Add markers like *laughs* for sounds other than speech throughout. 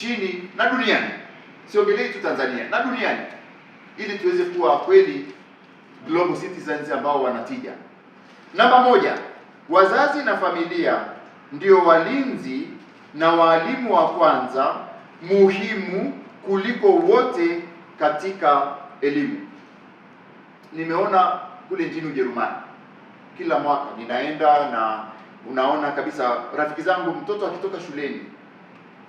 chini na duniani, siongelei tu Tanzania na duniani, ili tuweze kuwa kweli global citizens ambao wanatija. Namba moja, wazazi na familia ndio walinzi na waalimu wa kwanza muhimu kuliko wote katika elimu. Nimeona kule nchini Ujerumani, kila mwaka ninaenda na unaona kabisa rafiki zangu, mtoto akitoka shuleni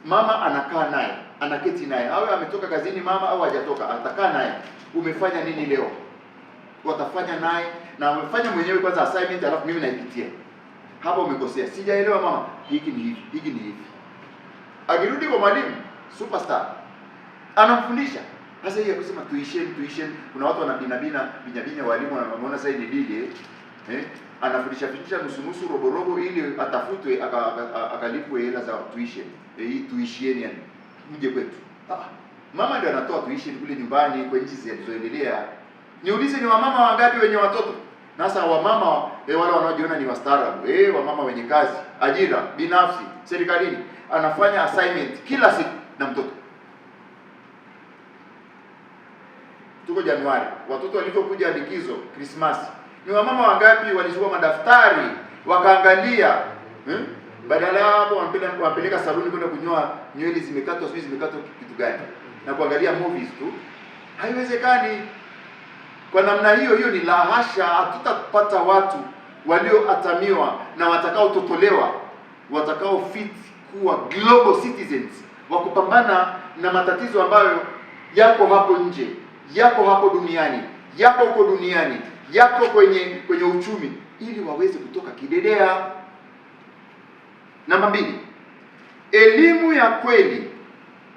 mama anakaa naye, anaketi naye, awe ametoka kazini mama au hajatoka, atakaa naye. Umefanya nini leo? Watafanya naye na umefanya mwenyewe kwanza assignment, alafu mimi naipitia hapa, umekosea, sijaelewa mama, hiki ni hivi, hiki ni hivi. Akirudi kwa mwalimu superstar, anamfundisha sasa. Hii ya kusema tuisheni, kuna watu wanabinabina binyabinya, walimu wanaona sasa ni dili eh, anafundisha fundisha nusu nusu robo robo, ili atafutwe akalipwe hela za tuition eh, tuition yani mje kwetu. Ah, mama ndio anatoa tuition kule nyumbani kwa nchi zilizoendelea. Niulize, ni wamama wangapi wenye watoto? Sasa wamama eh, wale wanaojiona ni wastaarabu eh, wamama wenye kazi, ajira binafsi, serikalini, anafanya assignment kila siku na mtoto tuko Januari, watoto walivyokuja likizo Krismasi ni wamama wangapi walichukua madaftari wakaangalia hmm? Badala hapo wanapeleka saluni kwenda kunyoa nywele zimekatwa, sijui zimekatwa kitu gani, na kuangalia movies tu. Haiwezekani. Kwa namna hiyo hiyo ni lahasha. Hatutapata watu walioatamiwa na watakaototolewa, fit kuwa global citizens wa kupambana na matatizo ambayo yako hapo nje, yako hapo duniani, yako huko duniani yako kwenye kwenye uchumi ili waweze kutoka kidedea. Namba mbili, elimu ya kweli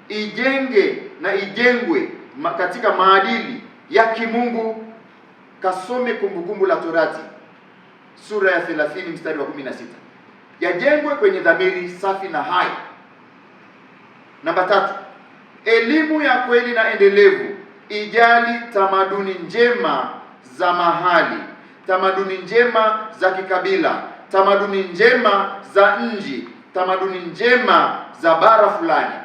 ijenge na ijengwe katika maadili ya kimungu. Kasome Kumbukumbu la Torati sura ya 30 mstari wa 16, yajengwe kwenye dhamiri safi na hai. Namba tatu, elimu ya kweli na endelevu ijali tamaduni njema za mahali, tamaduni njema za kikabila, tamaduni njema za nji tamaduni njema za bara fulani,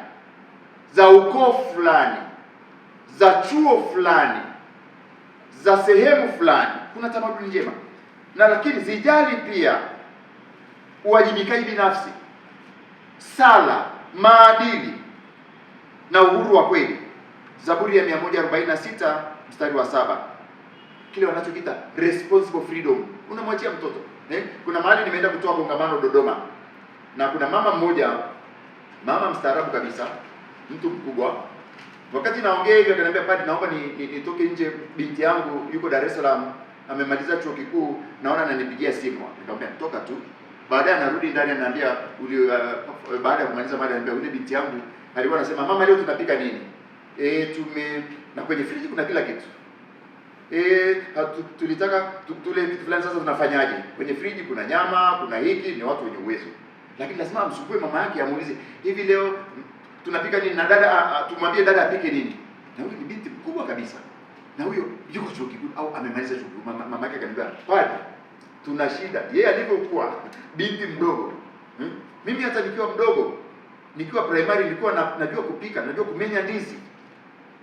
za ukoo fulani, za chuo fulani, za sehemu fulani. Kuna tamaduni njema na lakini zijali pia uwajibikaji binafsi, sala, maadili na uhuru wa kweli. Zaburi ya 146 mstari wa saba kile wanachokita responsible freedom, unamwachia mtoto eh? Kuna mahali nimeenda kutoa kongamano Dodoma, na kuna mama mmoja, mama mstaarabu kabisa, mtu mkubwa. Wakati naongea hivyo, akaniambia padi, naomba ni nitoke ni nje, binti yangu yuko Dar es Salaam amemaliza chuo kikuu, naona ananipigia simu. Nikamwambia toka tu, baadaye anarudi ndani ananiambia uli uh, uh baada ya kumaliza mada ananiambia ule binti yangu alikuwa anasema mama, leo tunapika nini? Eh, tume na kwenye friji kuna kila kitu eh, tulitaka tule vitu fulani, sasa tunafanyaje? Kwenye friji kuna nyama, kuna hiki, ni watu wenye uwezo, lakini lazima amsukue mama yake, amuulize hivi, leo tunapika nini, na dada tumwambie dada apike nini. Na huyo ni binti mkubwa kabisa, na huyo yuko chuo kikuu au amemaliza chuo kikuu. Mama, mama yake akaniambia pale, tuna shida. Yeye alivyokuwa binti mdogo hmm? Mimi hata nikiwa mdogo nikiwa primary nilikuwa na, najua kupika, najua kumenya ndizi,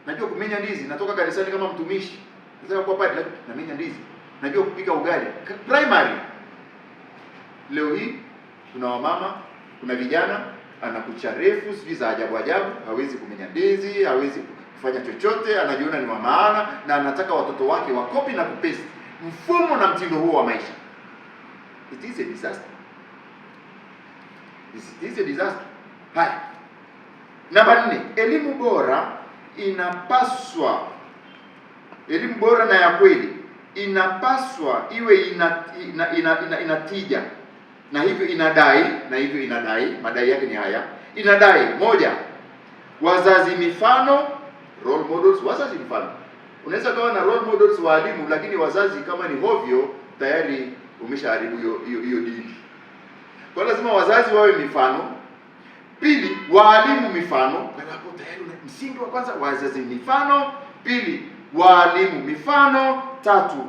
najua kumenya ndizi, natoka kanisani kama mtumishi Nataka kuwa padri lakini namenya ndizi, najua kupika ugali primary. Leo hii kuna wamama, kuna vijana ana kucha refu sijui za ajabu ajabu, hawezi kumenya ndizi, hawezi kufanya chochote, anajiona ni wa maana na anataka watoto wake wakopi na kupesi mfumo na mtindo huo wa maisha. It is a disaster. It is a disaster. Haya, namba nne, elimu bora inapaswa elimu bora na ya kweli inapaswa iwe ina, ina, ina, ina, ina tija na hivyo inadai na hivyo inadai, madai yake ni haya, inadai moja, wazazi mifano, role models, wazazi mifano. Unaweza kawa na role models waalimu, lakini wazazi kama ni hovyo, tayari umeshaharibu hiyo hiyo dini. Kwa lazima wazazi wawe mifano. Pili, waalimu mifano, hapo tayari msingi wa kwanza, wazazi mifano. Pili, waalimu mifano tatu,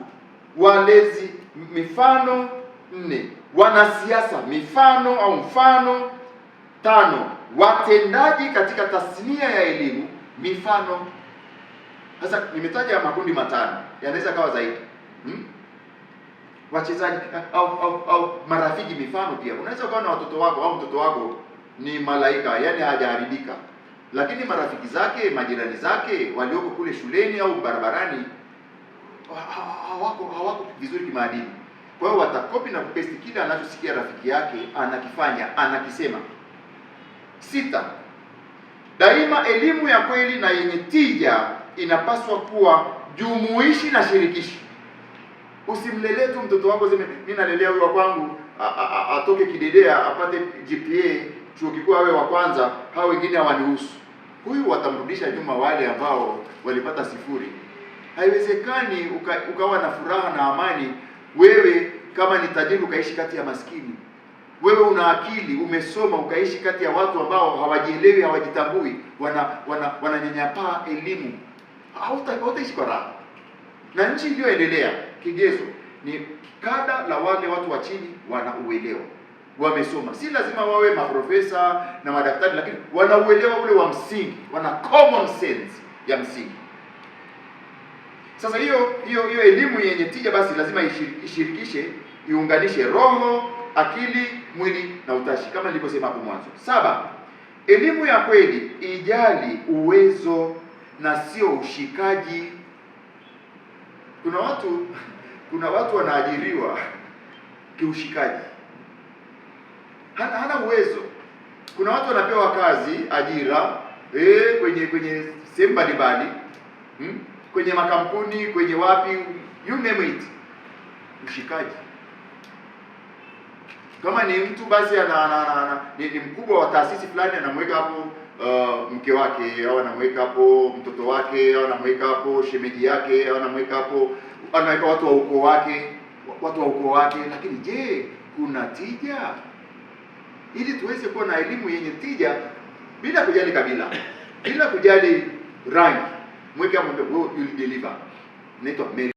walezi mifano nne, wanasiasa mifano au mfano tano, watendaji katika tasnia ya elimu mifano. Sasa nimetaja makundi matano, yanaweza kawa zaidi hmm? Wachezaji eh, au, au, au marafiki mifano. Pia unaweza ukawa na watoto wako au mtoto wako ni malaika, yani hajaharibika lakini marafiki zake, majirani zake walioko kule shuleni au barabarani hawako hawako vizuri kimaadili. Kwa hiyo watakopi na kupesti kile anachosikia rafiki yake anakifanya, anakisema. Sita, daima elimu ya kweli na yenye tija inapaswa kuwa jumuishi na shirikishi. Usimlelee tu mtoto wako, mimi nalelea huyo kwangu, atoke kidedea apate GPA chuo kikuu awe wa kwanza, hao wengine hawanihusu. Huyu watamrudisha nyuma wale ambao walipata sifuri. Haiwezekani uka, ukawa na furaha na amani, wewe kama ni tajiri ukaishi kati ya maskini, wewe una akili umesoma ukaishi kati ya watu ambao hawajielewi hawajitambui, wana wana wananyanyapaa elimu, hautaishi kwa raha. Na nchi iliyoendelea kigezo ni kada la wale watu wa chini wana uelewa wamesoma, si lazima wawe maprofesa na madaktari, lakini wanauelewa ule wa msingi, wana common sense ya msingi. Sasa hiyo hiyo hiyo elimu yenye tija basi lazima ishirikishe, iunganishe roho, akili, mwili na utashi, kama nilivyosema hapo mwanzo. Saba, elimu ya kweli ijali uwezo na sio ushikaji. Kuna watu *laughs* kuna watu wanaajiriwa kiushikaji hana, hana uwezo. Kuna watu wanapewa kazi ajira e, kwenye kwenye sehemu mbalimbali hmm? kwenye makampuni kwenye wapi you name it, mshikaji kama ni mtu basi ana, ana, ana, ana, ni, ni mkubwa wa taasisi fulani anamweka hapo uh, mke wake au anamweka hapo mtoto wake au anamweka hapo shemeji yake au anamweka hapo anaweka watu wa ukoo wake watu wa ukoo wake, lakini je, kuna tija? ili tuweze kuwa na elimu yenye tija bila kujali kabila, bila kujali rangi. Mweke amwambie wewe, deliver. Naitwa Mary.